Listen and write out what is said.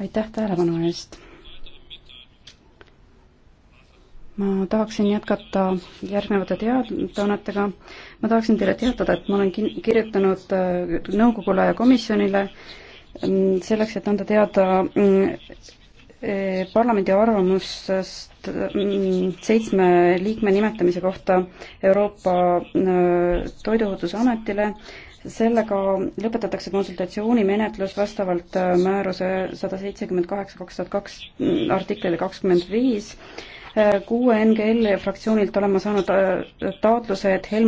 aitäh tähelepanu eest! ma tahaksin jätkata järgnevate teadaannetega. ma tahaksin teile teatada, et ma olen kirjutanud äh, nõukogule ja komisjonile mm, selleks, et anda teada mm, Eh, parlamendi arvamust mm, seitsme liikme nimetamise kohta Euroopa eh, Toiduohutusametile. sellega lõpetatakse konsultatsioonimenetlus vastavalt eh, määruse sada seitsekümmend kaheksa kaks tuhat kaks mm, artiklile kakskümmend viis. kuue NGL fraktsioonilt olen ma saanud taotluse, et Helmut